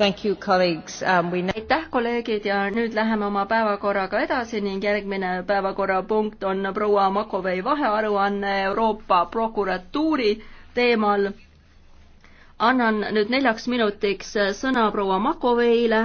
Um, aitäh, kolleegid ja nüüd läheme oma päevakorraga edasi ning järgmine päevakorrapunkt on proua Makovei vahearuanne Euroopa prokuratuuri teemal. annan nüüd neljaks minutiks sõna proua Makoveile